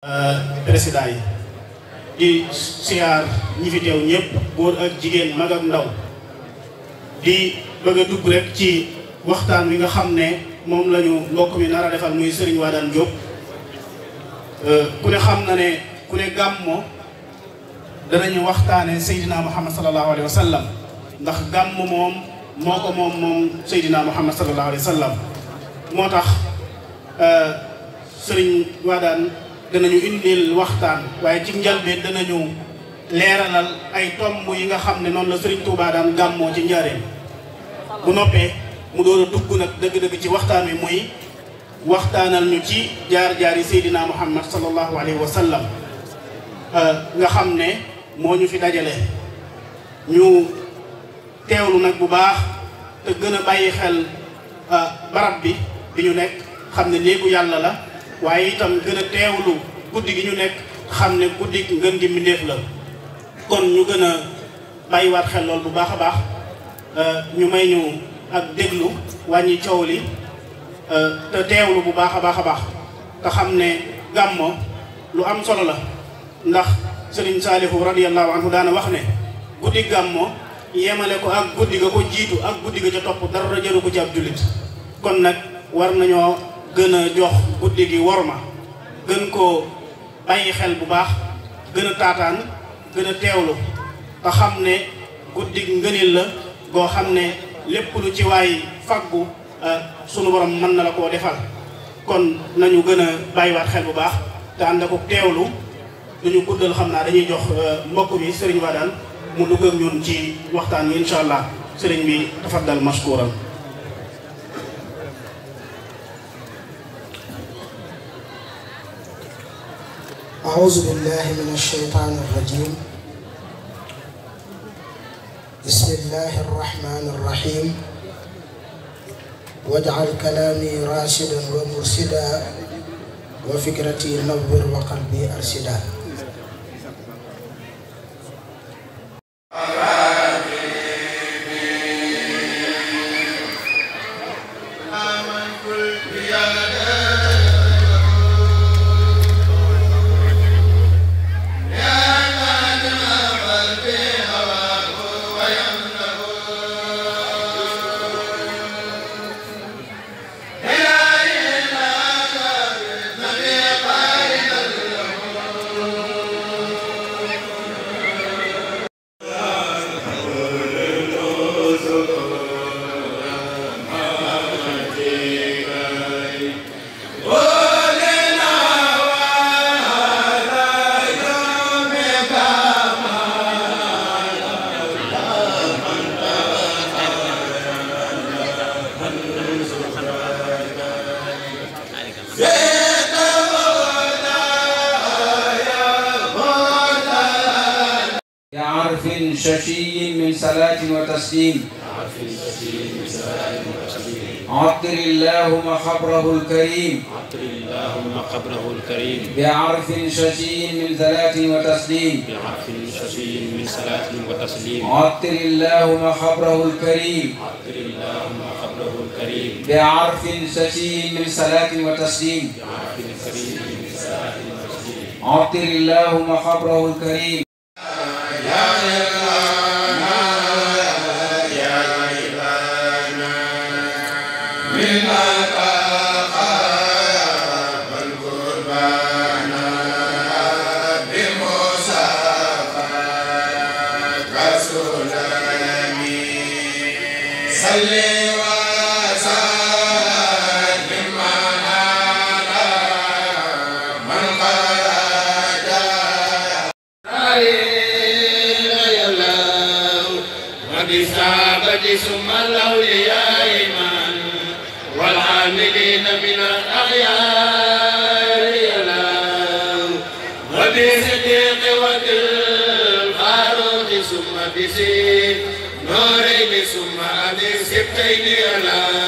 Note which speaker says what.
Speaker 1: Euh, président yi di siyaar ñi fi teew ñëpp góor ak jigéen mag ak ndaw di bëgg a rek ci waxtaan wi nga xam ne moom lañu ñu mbokk mi nar a defal muy Serigne Wadane Diop euh, ku ne xam na ne ku ne gàmmo danañu waxtaane Seydina Muhammad sallallahu alayhi wa sallam ndax gàmm moom moo ko moom moom Seydina Muhammad sallallahu alayhi wa sallam moo tax euh, Serigne Wadane danañu indil waxtaan waaye ci njalbeen danañu leeralal ay tomb yi nga xam ne noonu la Serigne Touba daan gàmmoo ci njaareem bu noppee mu door a dugg nag dëgg-dëgg ci waxtaan wi muy waxtaanal ñu ci jaar-jaar yi Seydina Muhammad sallallahu alayhi wa sallam euh, nga xam ne moo ñu fi dajale ñu teewlu nag bu baax te gën a bàyyi xel euh, barab bi bi ñu nekk xam ne néegu yàlla la waaye itam gën a teewlu guddi gi ñu nekk xam ne guddi ngën gi mbindéef la kon ñu gën a bàyyiwaat xel lool bu baax a baax euh, ñu may ñu ak déglu wàññi coow li euh, te teewlu bu baax a baax a baax te xam ne gàmmo lu am solo la ndax sëriñ saalihu radiallahu anhu daana wax ne guddi gàmmo yemale ko ak guddi ga ko jiitu ak guddi ga ca topp dara jëru ko ci ab jullit kon nag war nañoo gën a jox guddi gi worma gën koo bàyyi xel bu baax gën a taataan gën a teewlu te xam ne guddi ngënil la goo xam ne lépp lu ci waay faggu euh, sunu borom mën na la koo defal kon nañu gën a bàyyiwaat xel bu baax te ànd ak teewlu duñu guddal xam naa dañuy jox euh, mbokk bi sëriñ Wadane mu dugg ñun ci waxtaan wi incha allah sëriñ bi tafaddal mashkuran أعوذ بالله من الشيطان الرجيم بسم الله الرحمن الرحيم واجعل كلامي راشدا ومرشدا وفكرتي نور وقلبي أرشدا عرف ششي من صلاة وتسليم عطر اللهم خبره الكريم عطر اللهم خبره الكريم بعرف ششي من صلاة وتسليم بعرف ششي من صلاة وتسليم عطر اللهم خبره الكريم عطر اللهم خبره الكريم بعرف ششي من صلاة وتسليم بعرف ششي من صلاة وتسليم عطر اللهم خبره الكريم Salli الإصابة ثم الأولياء من والعاملين من وبصديق ثم نورين ثم أبي سبتين